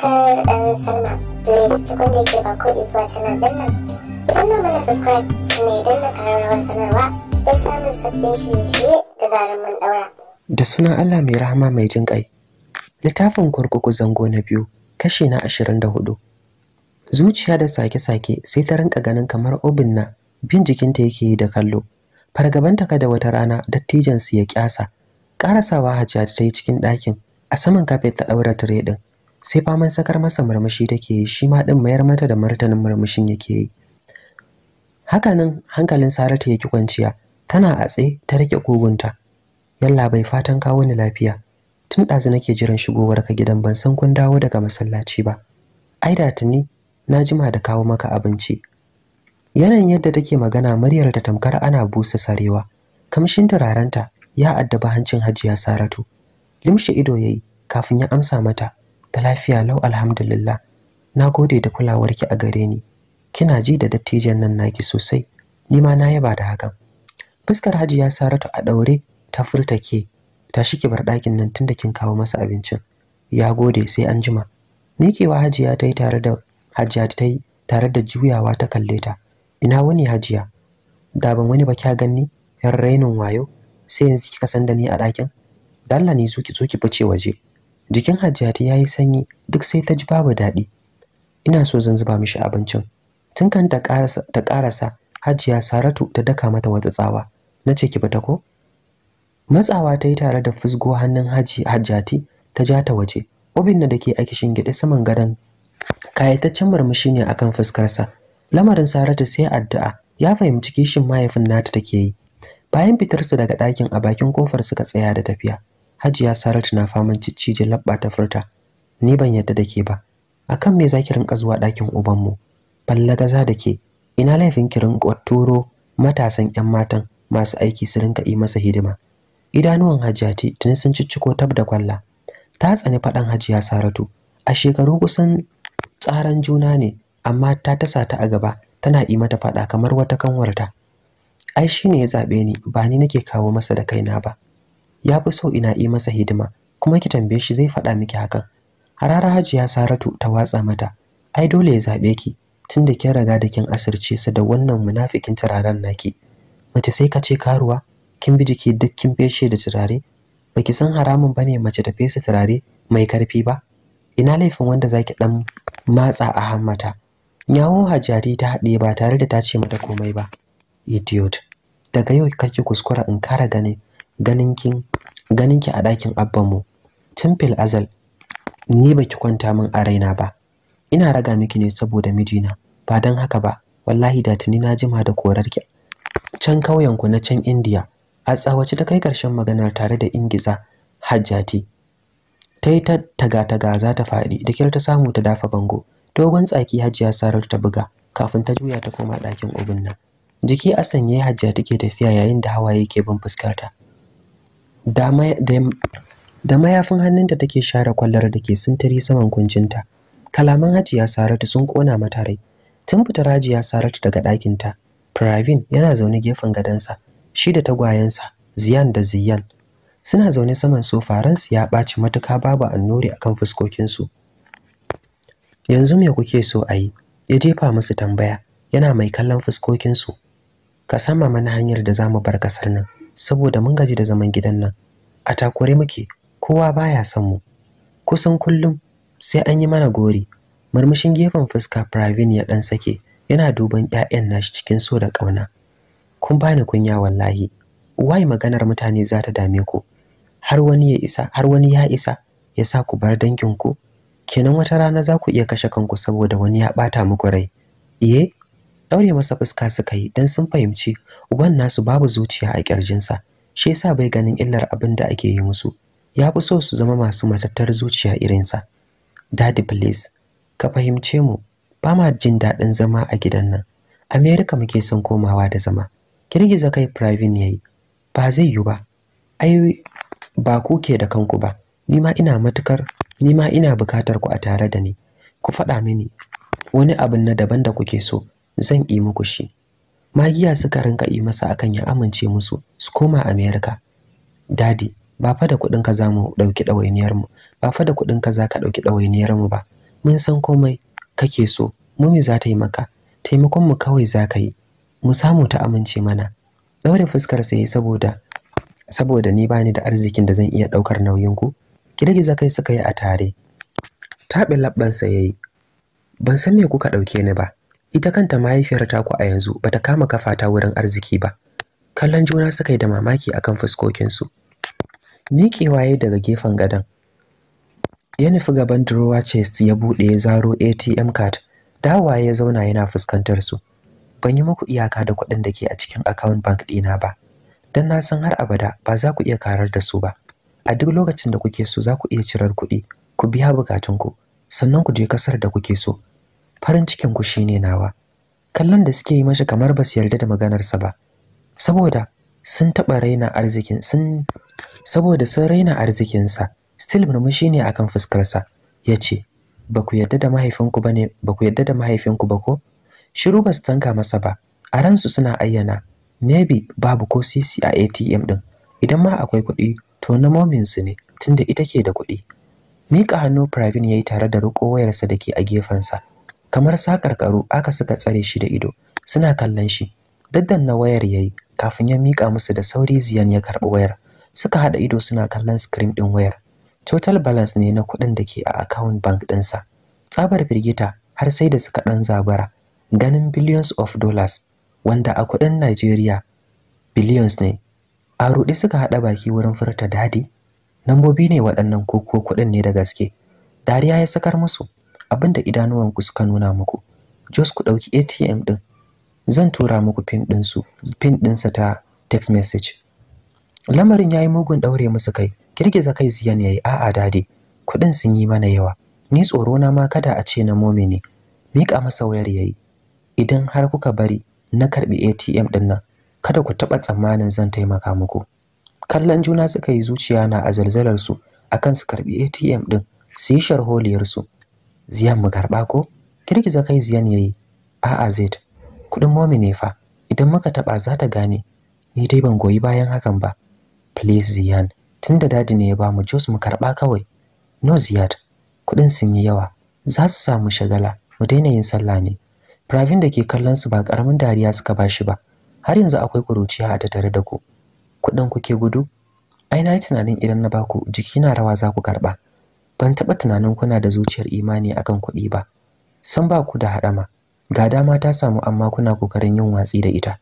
subscribe and sign up. Please da yake ba ko subscribe idan na sanarwa don samun sabbin da sunan Allah mai rahama mai jin ƙai. Littafin kurkuku zango na biyu kashi na ashirin da hudu. Zuciya da sake-sake sai ta rinka ganin kamar obin na bin jikinta yake yi da kallo. Fargabanta kada wata rana dattijansu ya kyasa. Karasawa Hajjaj ta yi cikin ɗakin, a saman kafet ta ɗaura tire ɗin. sai faman sakar masa murmushi take yi shi ma din mayar mata da martanin murmushin yake yi hakanan hankalin saratu yake kwanciya tana a tsaye ta rike kogunta yalla bai fatan kawo ni lafiya tun ɗazu nake jiran shigowar ka gidan ban san kun dawo daga masallaci ba ai da tuni na jima da kawo maka abinci yanayin yadda take magana muryar ta tamkar ana busa sarewa kamshin turarenta ya addaba hancin hajiya saratu limshe ido yayi kafin ya amsa mata da lafiya lau alhamdulillah na gode da kulawarki a gare ni kina ji da dattijan nan naki sosai ni ma na yaba da hakan fuskar hajiya saratu a daure ta furta ke tashi ki bar ɗakin nan tunda kin kawo masa abincin ya gode sai an jima miƙewa hajiya ta yi tare da hajiya ta yi tare da juyawa ta kalle ta ina wani hajiya da ban wani ba kya ganni yan rainin wayo sai yanzu kika san da ni a ɗakin dalla ni zo ki zo ki fice waje jikin hajjati ya yi sanyi duk sai ta ji babu daɗi ina so zan zuba mishi abincin tun kan ta ƙarasa hajiya saratu ta daka mata wata tsawa na ce ki bata ko matsawa ta yi tare da fusgo hannun haji hajjati ta ja ta waje obin na da ke aiki shingiɗe saman gadon kayataccen murmushi ne akan fuskarsa lamarin saratu sai addu'a ya fahimci kishin mahaifin nata take yi bayan fitarsu daga ɗakin a bakin kofar suka tsaya da tafiya Hajiya Saratu na faman da labba ta furta. Ni ban yadda da ke ba. Akan me zaki rinka zuwa dakin ɗakin mu Ballagaza da ke. Ina laifin ki rinka turo matasan 'yan matan masu aiki su rinka yi masa hidima. Idanuwan Hajiya tuni sun cicciko tab da kwalla. Ta tsani faɗan Hajiya Saratu. A shekaru kusan tsaran juna ne, amma ta tasa ta a gaba tana yi mata faɗa kamar wata kanwarta. Ai ne ya zaɓe ni, ba ni nake kawo masa da kaina ba. ya fi so ina yi masa hidima kuma ki tambaye shi zai faɗa miki hakan harara hajiya saratu ta watsa mata ai dole ya zaɓe ki tunda kin riga da kin asirce sa da wannan munafikin turaren naki mace sai ka ce karuwa kin bi jiki duk kin feshe da turare baki san haramun bane mace ta fesa turare mai karfi ba ina laifin wanda zaki dan matsa a hammata Nyawun Hajari ta haɗe ba tare da ta ce mata komai ba. Idiot. Daga yau kake kuskura in kara ganin ganin kin ganin ki a ɗakin abbanmu tun fil azal ni baki kwanta min a raina ba ina raga miki ne saboda mijina ba don haka ba wallahi da tuni na jima da korarki can ku na can indiya a tsawace ta kai ƙarshen maganar tare da ingiza hajjati ta yi ta taga-taga za ta faɗi da kyar ta samu ta dafa bango dogon tsaki hajjiya sarar ta buga kafin ta juya ta koma ɗakin ubin nan jiki a sanye hajjiya take tafiya yayin da hawaye ke bin fuskarta da mayafin hannunta take share kwallar da ke sintiri saman kuncinta kalaman hajiya saratu sun kona mata rai tun fitar hajiya saratu daga ɗakinta pravin yana zaune gefen gadonsa shi da tagwayensa ziyan da ziyan suna zaune saman sofa ransu ya ɓaci matuka babu annuri akan fuskokinsu yanzu me kuke so a yi ya jefa musu tambaya yana mai kallon fuskokinsu ka sama mana hanyar da za mu bar kasar nan saboda mun gaji da zaman gidan nan a takure muke kowa baya son mu kusan kullum sai an yi mana gori murmushin gefen fuska Pravin ya dan sake yana duban ƴaƴan nashi cikin so da ƙauna kun bani kunya wallahi wai maganar mutane za ta dame ku har wani ya isa har wani ya isa ya sa ku bar danginku kenan wata rana za ku iya kashe kanku saboda wani ya bata muku rai iye eh, daure masa fuska suka yi dan sun fahimci uban nasu babu zuciya a kirjinsa shi yasa bai ganin illar abin da ake yi musu ya fi so su zama masu matattar zuciya irinsa daddy please ka fahimce mu ba ma jin daɗin zama a gidan nan america muke son komawa da zama girgiza kai private yayi ba zai yi ba ai ba ku ke da kanku ba ni ma ina matukar ni ma ina bukatar ku a tare da ni ku faɗa mini wani abin na daban da kuke so zan yi muku shi magiya suka rinka yi masa akan ya amince musu su koma america dadi ba fa da kuɗin ka mu ɗauki ɗawainiyarmu. mu ba fa da kuɗin ka zaka ɗauki ɗawainiyarmu mu ba mun san komai kake so mumi za ta yi maka taimakon mu kawai za ka yi mu samu ta amince mana daure fuskar sai saboda saboda ni bani da arzikin da zan iya ɗaukar nauyin ku girgiza kai suka yi a tare taɓe labban sa yayi ban san me kuka ɗauke ni ba ita kanta mahaifiyar taku a yanzu bata kama kafa ta wurin arziki ba kallon juna suka yi da mamaki akan fuskokinsu miƙewa ya daga gefen gadon ya nufi gaban drawer chest ya buɗe ya zaro atm card dawa ya zauna yana fuskantar su ban yi muku iyaka da kuɗin da ke a cikin account bank ɗina ba Dan na san har abada ba za ku iya karar da su ba a duk lokacin da kuke so za ku iya cirar kuɗi ku biya bukatunku sannan ku je kasar da kuke so farin cikin ku shine nawa kallon da suke yi mashi kamar ba su yarda da maganarsa ba saboda sun taɓa raina arzikin sun saboda sun raina arzikinsa still murmushi ne akan fuskarsa ya ce ba ku yarda da mahaifinku ba ne ba ku yarda da mahaifinku ba ko shiru ba su tanka masa ba a ransu suna ayyana maybe babu ko cc a atm din idan ma akwai kuɗi to na su ne tunda ita ke da kuɗi Mika hannu Pravin yayi tare da riƙo wayarsa da ke a gefensa kamar sa karkaru aka suka tsare shi da ido suna kallon shi daddan na wayar yayi kafin ya mika musu da sauri ziyan ya karbi wayar suka hada ido suna kallon screen din wayar total balance ne na kudin da ke a account bank dinsa tsabar firgita har sai da suka dan zabara ganin billions of dollars wanda a kudin Najeriya billions ne a rudi suka hada baki wurin furta dadi nambobi ne waɗannan koko kudin ne da gaske dariya ya sakar musu abinda idanuwanku suka nuna muku jos ku ɗauki atm ɗin zan tura muku pin ɗinsu pin ɗinsa ta text message lamarin ya yi mugun daure musu kai girgiza kai ziyan ya yi a'a dade kuɗin sun yi mana yawa ni tsoro na ma kada a ce na momi ne miƙa masa wayar yayi idan har kuka bari na karɓi atm ɗin nan kada ku taɓa tsammanin zan taimaka muku kallon juna suka yi zuciya na a su akan su karɓi atm ɗin su yi sharholiyarsu ziyan mu karɓa ko girgiza kai ziyan yayi a'a zai. kuɗin momi ne fa idan muka taɓa za ta gane ni dai ban goyi bayan hakan ba please ziyan tunda dadi ne ya ba mu jos mu karɓa kawai no ziyad kuɗin sun yi yawa za su samu shagala mu daina yin sallah ne Pravin da ke kallon su ba karamin dariya suka bashi ba har yanzu akwai kuruciya a tattare da ku kuɗin kuke gudu ai na yi tunanin idan na baku jiki na rawa za ku karɓa ban taɓa tunanin kuna da zuciyar imani akan kuɗi ba san ba ku da haɗama ga dama ta samu amma kuna kokarin yin watsi da ita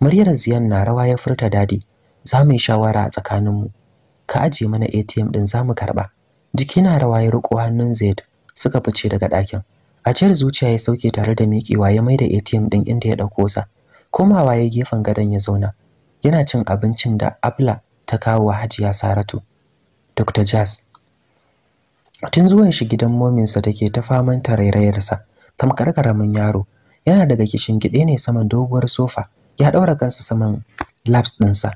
muryar ziyan na rawa ya furta dadi za mu yi shawara a tsakaninmu ka aje mana atm ɗin za mu karɓa jiki na rawa ya riƙo hannun zaid suka fice daga ɗakin ajiyar zuciya ya sauke tare da miƙewa ya mai maida atm din inda ya ɗauko sa komawa ya gefen gadon ya zauna yana cin abincin da abla ta kawo wa hajiya saratu dr jazz tun zuwan shi gidan mominsa take ta faman tarairayarsa tamkar karamin yaro yana daga kishin gide ne saman doguwar sofa ya ɗaura kansa saman laps ɗinsa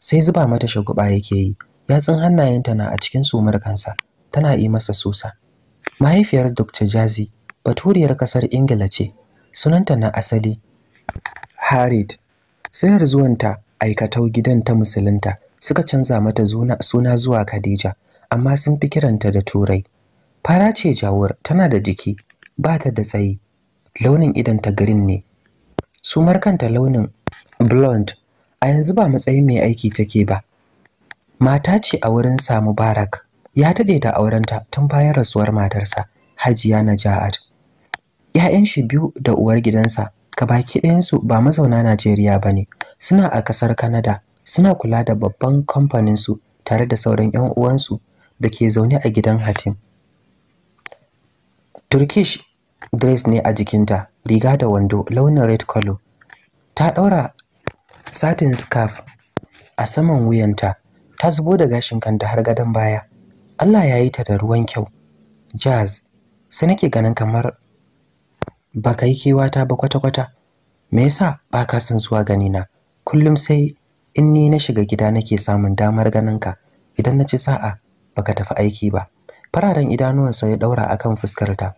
sai zuba mata shaguba yake yi ya yatsun hannayenta na a cikin sumar kansa tana yi masa susa mahaifiyar dr jazi baturiyar kasar ingila ce sunanta na asali Harid, sayar zuwanta aikatau gidan ta musulunta suka canza mata suna zuwa khadija amma sun fi kiranta da turai fara ce jawur tana da jiki ba ta da tsayi launin idanta green ne su markanta launin blonde a yanzu ba matsayin mai aiki take ba mata ce a wurin sa mubarak ya taɗe da aurenta tun bayan rasuwar matarsa hajiya na naja'at ‘ya'yan shi biyu da uwar gidansa baki ɗayansu ba mazauna najeriya ba ne suna a ƙasar Kanada, suna kula da babban kamfaninsu tare da sauran ‘yan uwansu da ke zaune a gidan Hatim. Turkish dress ne a jikinta, riga da wando launin red color. Ta ɗaura satin scarf a saman wuyanta, ta zubo da gashin kanta har gadon baya. Allah ya yi ta da ruwan kyau. Jazz, sai nake ganin kamar ba ka yi kewata ba kwata-kwata. Me yasa ba ka son zuwa gani na? Kullum sai in ni na shiga gida nake samun damar ganin ka idan na ci sa'a baka tafi aiki ba fararen idanuwansa ya daura akan fuskarta. ta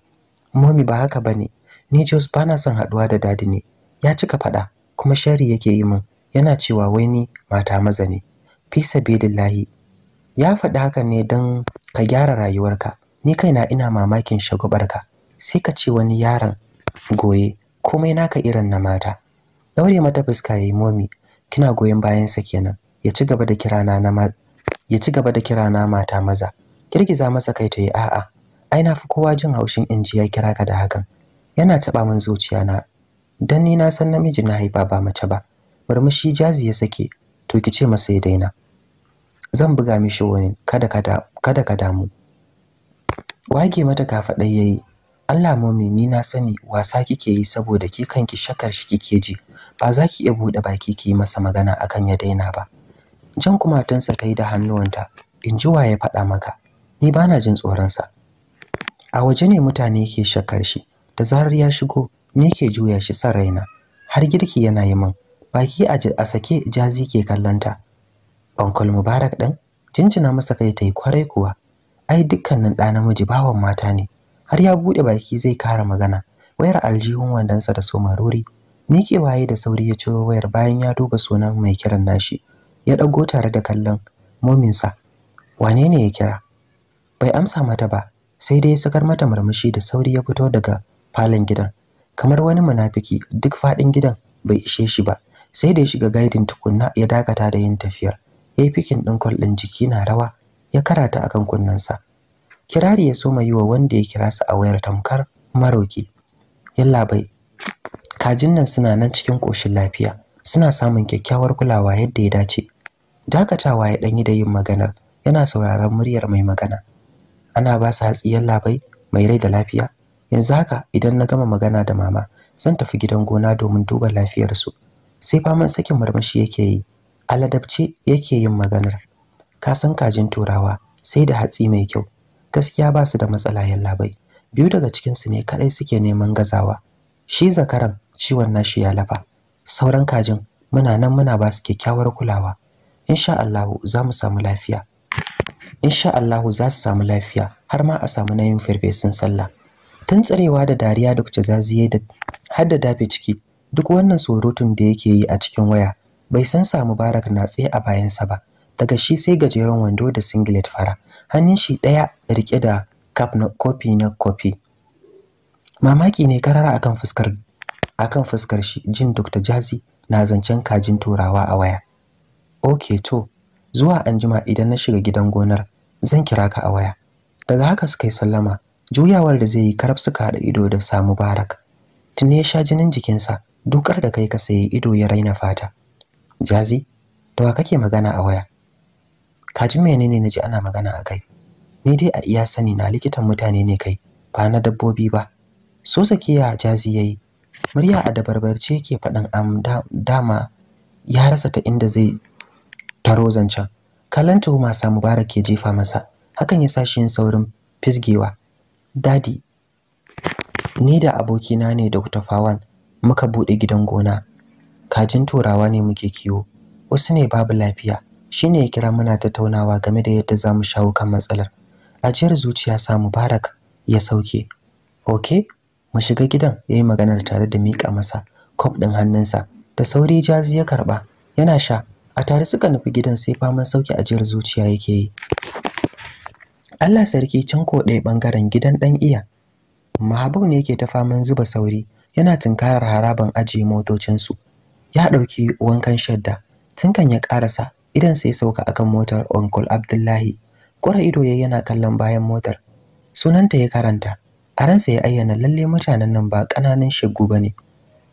momi ba haka bane ni jos bana son haduwa da dadi ne ya cika fada kuma shari yake yi min yana cewa wai ni mata maza ne fi sabilillahi ya faɗi haka ne don ka gyara rayuwarka ni kaina ina mamakin shagubarka sai ka ce wani yaron goye komai naka irin na mata daure mata fuska yayi momi kina goyen bayansa kenan ya ci gaba da kirana na ya ci gaba da kira na mata maza girgiza masa kai ta yi a'a ai na fi kowa jin haushin in ji ya kira ka da hakan yana taɓa min zuciya na dan ni na san namiji na haifa ba mace ba murmushi jazi ya sake to ki ce masa ya daina zan buga mishi wani kada kada ka damu wage mata kafaɗai yayi Allah mami ni na sani wasa kike yi saboda ki kanki shakar shi kike ji ba za ki iya buɗe baki ki yi masa magana akan ya daina ba jan kumatunsa ta yi da hannuwanta in ji ya faɗa maka ni ba na jin tsoronsa a waje ne mutane ke shakar shi da zarar ya shigo ni ke juya shi san raina har girki yana yi min baki a sake jazi ke kallonta onkol mubarak ɗan, jinjina masa kai ta yi kwarai kuwa ai dukkanin ɗa namiji bawan mata ne har ya buɗe baki zai kara magana wayar aljihun wandonsa da somarori ke waye da sauri ya ciro wayar bayan ya duba sunan mai kiran nashi ya ɗago tare da kallon mominsa wane ne ya kira bai amsa mata ba sai dai ya sakar mata murmushi da sauri ya fito daga falon gidan kamar wani munafiki duk faɗin gidan bai ishe shi ba sai da ya shiga gaidin tukunna ya dakata da yin tafiyar ya yi fikin ɗin kwallon jiki na rawa ya karata a akan kunnensa kirari ya soma yi wa wanda ya kira su a wayar tamkar maroki yalla kajin nan suna nan cikin ƙoshin lafiya suna samun kyakkyawar kulawa yadda ya dace dakatawa ya ɗanyi da yin maganar yana sauraron muryar mai magana ana ba su hatsiyar labai mai rai da lafiya yanzu haka idan na gama magana da mama zan tafi gidan gona domin duba lafiyarsu sai faman sakin marmashi yake yi aladabce yake yin maganar ka san kajin turawa sai da hatsi mai kyau gaskiya ba su da matsala 'yan labai. biyu daga cikinsu ne kaɗai suke neman gazawa shi zakaran ciwon nashi ya lafa sauran kajin muna nan muna ba su kyakkyawar kulawa insha Allahu za mu samu lafiya insha Allahu za su samu lafiya har ma a samu nayin farfesun sallah tsarewa da dariya da ta zaziye da har da dafe ciki duk wannan surutun da yake yi a cikin waya bai san samu barak na tsaye a bayansa ba daga shi sai gajeren wando da singlet fara hannun shi ɗaya rike da cup na kofi na kofi mamaki ne karara akan fuskar akan fuskar shi jin Dr. Jazi na zancen kajin turawa a waya. Ok to, zuwa anjima idan na shiga gidan gonar zan kira ka a waya. Daga haka suka yi sallama, juyawar da zai yi karab suka haɗa ido da samu barak. Tun ya sha jinin jikinsa, dukar da kai ka sayi ido ya raina fata. Jazi, da wa kake magana a waya? Kajin menene na ji ana magana a kai? Ni dai a iya sani na likitan mutane ne kai, ba na dabbobi ba. So sakiya Jazi yayi murya a dabarbarce yake faɗin am dama ya rasa ta inda zai taro zancen kallon tuhuma sa mubarak ke jefa masa hakan ya sa shi yin saurin fisgewa dadi ni da abokina ne da fawan muka buɗe gidan gona kajin turawa ne muke kiwo wasu ne babu lafiya shine ya kira muna tattaunawa game da yadda zamu shawo kan matsalar ajiyar zuciya sa mubarak ya sauke okay mu shiga gidan yayi maganar tare da mika masa kwaf din hannunsa da sauri jazi ya karba yana sha a tare suka nufi gidan sai faman sauki ajiyar zuciya yake yi Allah sarki can ko ɗaya bangaren gidan ɗan iya mahabub ne yake ta faman zuba sauri yana tunkarar haraban ajiye motocinsu ya ɗauki wankan shadda tunkan ya ƙarasa idan sai sauka akan motar uncle abdullahi kura ido yayi yana kallon bayan motar sunanta ya karanta a ransa ya ayyana lalle mutanen nan ba ƙananan shegu ba ne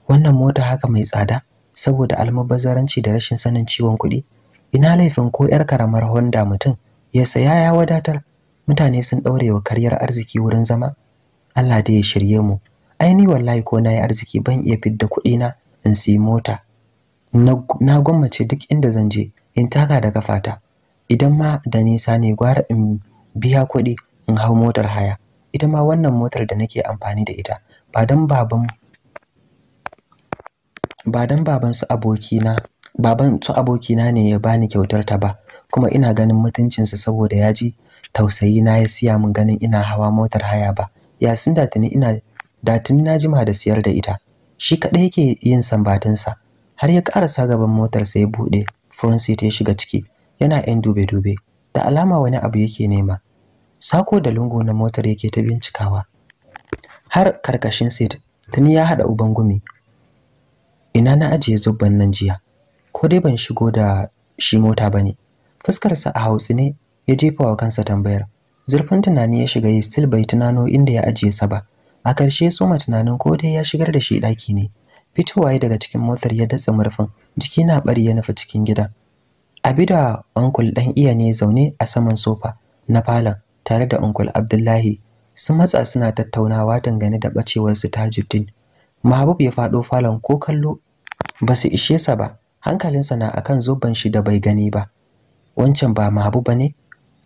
wannan mota haka mai tsada saboda almubazzaranci da rashin sanin ciwon kuɗi ina laifin ko 'yar karamar honda mutum ya saya ya wadatar mutane sun ɗaure wa karyar arziki wurin zama allah da ya shirye mu aini wallahi ko na yi arziki ban iya fidda na in siyi mota na gwammace duk inda zan je in taka daga fata. idan ma da nisa ne gwara in biya kuɗi in hau motar haya ita ma wannan motar da nake amfani da ita ba dan baban ba dan baban su abokina baban su abokina ne ya bani kyautar ta ba kuma ina ganin mutuncinsa saboda ya ji tausayi na ya siya min ganin ina hawa motar haya ba yasin da tuni ina da tuni na jima da siyar da ita shi kaɗai yake yin sambatinsa har ya ƙarasa gaban motar sai ya buɗe front seat ya shiga ciki yana yan dube-dube da alama wani abu yake nema sako da lungu na motar yake ta bincikawa har karkashin seat tuni ya hada uban gumi ina na ajiye zubban nan jiya ko dai ban shigo da shi mota bane fuskarsa a hausi ne ya jefa wa kansa tambayar zurfin tunani ya shiga ya still bai tunano inda ya ajiye sa ba a ƙarshe soma tunanin ko dai ya shigar da shi ɗaki ne fitowa ya daga cikin motar ya datsa murfin jiki na bari ya nufi cikin gida abida uncle dan iya ne zaune a saman sofa na falon tare da Uncle Abdullahi sun matsa suna tattaunawa dangane da bacewar su Tajuddin. Mahabub ya faɗo falon ko kallo ba su ishe sa ba, hankalinsa na akan zoben shi da bai gani ba. Wancan ba Mahabub ba ne?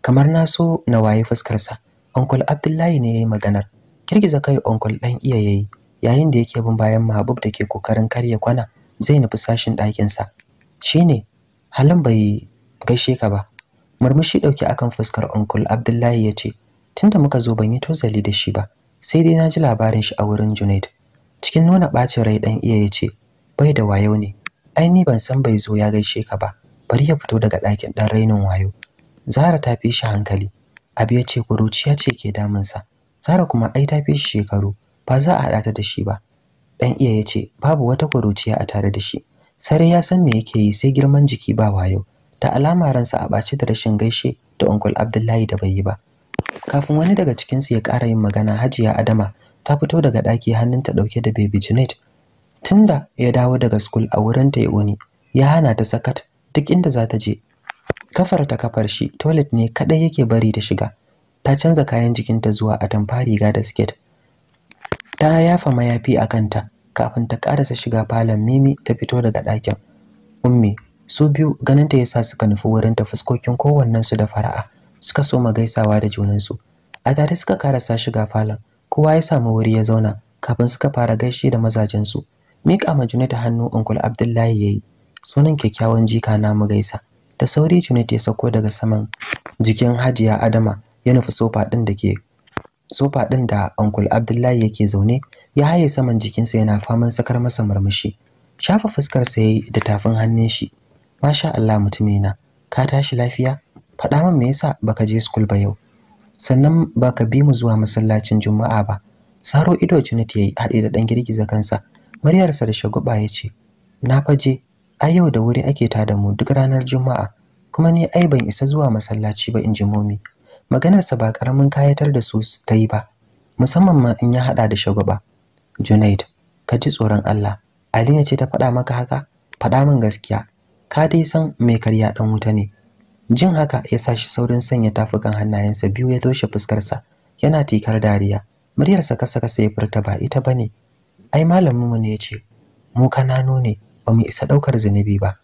Kamar na so na waye fuskarsa. Uncle Abdullahi ne ya yi maganar. Kirgiza kai Uncle dan iya yayi yayin da yake bin bayan Mahabub da ke kokarin karya kwana zai nufi sashin ɗakinsa. Shi ne, halin bai gaishe ka ba. murmushi ɗauke akan fuskar uncle abdullahi ya ce tunda muka zo ban yi tozali da shi ba sai dai na ji labarin shi a wurin junaid cikin nuna ɓacin rai ɗan iya yace bai da wayo ne ai ni ban san bai zo ya gaishe ka ba bari ya fito daga ɗakin ɗan rainin wayo zara ta fi shi hankali Abi yace kuruciya ce ke sa zara kuma ai ta fi shi shekaru ba za a haɗa ta da shi ba ɗan iya yace babu wata kuruciya a tare da shi sare ya san me yake yi sai girman jiki ba wayo ta alama ransa a ɓace da rashin gaishe da Uncle Abdullahi da bai yi ba. Kafin wani daga cikinsu ya ƙara yin magana Hajiya Adama ta fito daga ɗaki hannunta ɗauke da baby Junaid. Tunda ya dawo daga school a wurin ta Yoni ya hana ta sakat duk inda za ta je. Kafar ta kafar shi toilet ne kaɗai yake bari ta shiga. Ta canza kayan jikinta zuwa a atamfa riga da siket. Ta yafa mayafi a kanta kafin ta ƙarasa shiga falon Mimi ta fito daga ɗakin. Ummi su biyu ganinta ta yasa suka nufi wurin ta fuskokin kowannen su da fara'a suka soma gaisawa da junansu. a tare suka karasa shiga falon kowa ya samu wuri ya zauna kafin suka fara gaishe da mazajen su miƙa ma junita hannu Uncle Abdullahi yayi sunan kyakkyawan jika na mu gaisa da sauri junita ya sako daga saman jikin Hajiya Adama ya nufi sofa din da ke sofa din da Uncle Abdullahi yake zaune ya haye saman jikinsa yana faman sakar masa murmushi shafa fuskar sa yayi da tafin hannun shi Masha Allah mutumina, ka tashi lafiya? Faɗa min me yasa baka je school ba yau? Sannan baka bi mu zuwa masallacin Juma'a ba. Saro ido Junit yayi haɗe da ɗan girgiza kansa. Muryarsa da shaguba ya ce, "Na faje, ai yau da wuri ake tada mu duk ranar Juma'a, kuma ni ai ban isa zuwa masallaci ba in ji momi." Maganarsa ba karamin kayatar da su ta yi ba, musamman ma in ya haɗa da shaguba. Junaid, ka ji tsoron Allah, aliya ce ta faɗa maka haka? Faɗa min gaskiya, ka dai san mai karya dan wuta ne jin haka ya sa shi saurin sanya tafukan hannayensa biyu ya toshe fuskarsa yana tikar dariya muryarsa kasa kasa ya furta ba ita bane ai malaminmu ne ya ce mu kanano ne ba mu isa daukar zunubi ba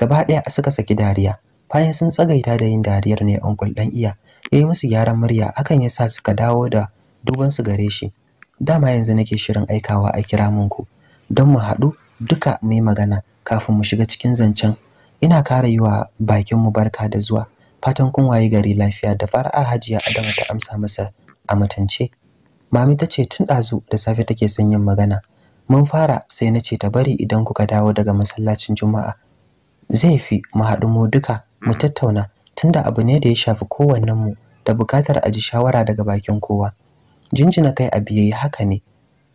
gaba daya suka saki dariya bayan sun tsagaita da yin dariyar ne onkul dan iya ya musu gyaran murya akan yasa suka dawo da duban su gare shi dama yanzu nake shirin aikawa a kira mun ku don mu haɗu duka mai magana kafin mu shiga cikin zancen ina kara yi wa bakinmu barka da zuwa fatan kun waye gari lafiya da fara'a hajiya adama ta amsa masa a mutunce mami ta ce tun ɗazu da safe take son yin magana mun fara sai na ce ta bari idan kuka dawo daga masallacin juma'a zai fi mu haɗu mu duka mu tattauna tunda abu ne da ya shafi kowannen mu da buƙatar a ji shawara daga bakin kowa jinjina kai a biye haka ne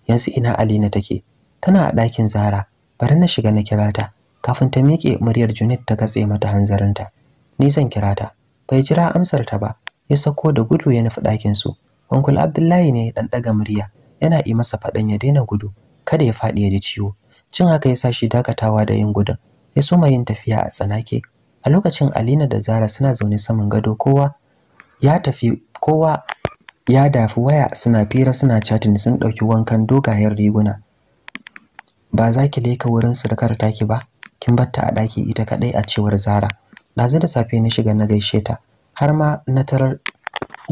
yanzu ina alina take tana a ɗakin zara bari na shiga na kira ta kafin ta miƙe muryar Junit ta katse mata hanzarinta ni zan kira ta bai jira amsar ta ba ya sako da gudu ya nufi ɗakin su Uncle Abdullahi ne dan daga murya yana yi masa faɗan ya daina gudu kada ya faɗi ya ji ciwo cin haka ya sa shi dakatawa da yin gudun ya soma yin tafiya a tsanake a lokacin Alina da Zara suna zaune saman gado kowa ya tafi kowa ya dafi waya suna fira suna chatting sun ɗauki wankan dogayen riguna ba za ki leka wurin surukar taki ba kin batta a daki ita kaɗai a cewar Zara. Ɗazu da safe na shiga na gaishe ta, har ma na tarar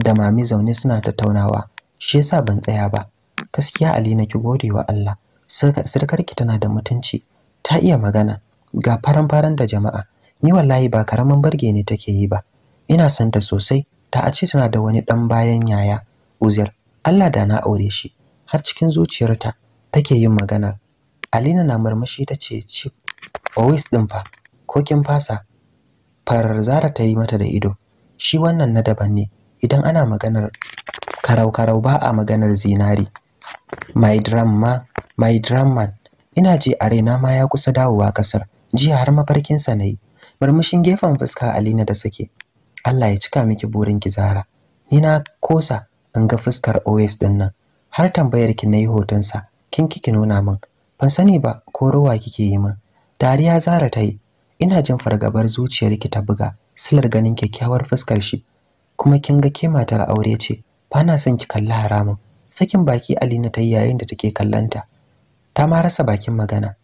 da mami zaune suna tattaunawa, shi yasa ban tsaya ba. Gaskiya Alina ki gode wa Allah, ki tana da mutunci, ta iya magana, ga faran-faran da jama'a, ni wallahi ba karaman barge ne take yi ba. Ina son ta sosai, ta a ce tana da wani ɗan bayan yaya, Uzair, Allah da na aure shi, har cikin zuciyarta take yin maganar. Alina na murmushi ta ce cip Owis ɗin fa, ko kin fasa? Farar Zara ta yi mata da ido. Shi wannan na daban ne, idan ana maganar karau-karau ba a maganar zinari. My drum ma, my drum man, ina ji a raina ma ya kusa dawowa kasar Jiya har mafarkinsa na yi. Murmushin gefen fuska Alina da sake. Allah ya cika miki burin ki Zara. Ni na kosa in ga fuskar Owis ɗin nan. Har tambayar ki na yi hotonsa, kin kike nuna min. Ban sani ba ko ruwa kike yi min. dariya zara ta yi ina jin fargabar zuciyar ki ta buga silar ganin kyakkyawar fuskar shi kuma kin ga ke matar aure ce ba na son ki kalli haramun sakin baki alina ta yi yayin da take kallanta ta ma rasa bakin magana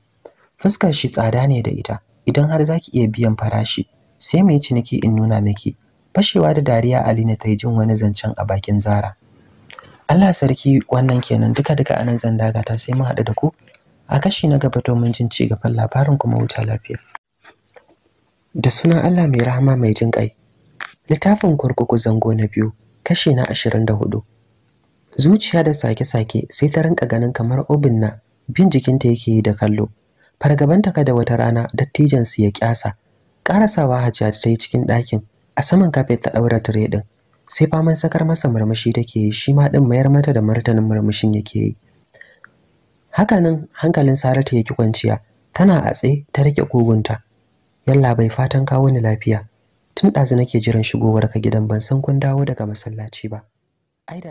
fuskar shi tsada ne da ita idan har zaki iya biyan farashi sai mu yi ciniki in nuna miki fashewa da dariya alina ta yi jin wani zancen a bakin zara Allah sarki wannan kenan duka duka anan zan dagata sai mu haɗu da ku a kashi na gaba domin jin ci gaban labarin kuma wuta lafiya da sunan Allah mai rahama mai jin ƙai littafin kurkuku zango na biyu kashi na ashirin da hudu. zuciya da sake-sake sai ta rinka ganin kamar obin na bin jikinta yake yi da kallo fargabanta kada wata rana dattijansu ya kyasa karasawa Hajiya ta yi cikin ɗakin a saman kafet ta ɗaura tire ɗin sai faman sakar masa murmushi take yi shi ma ɗin mayar mata da martanin murmushin yake yi hakanan hankalin saratu ya kwanciya tana a tsaye ta rike kogunta yalla bai fatan kawo ni lafiya tun ɗazu nake jiran shigowar ka gidan ban san kun dawo daga masallaci ba ai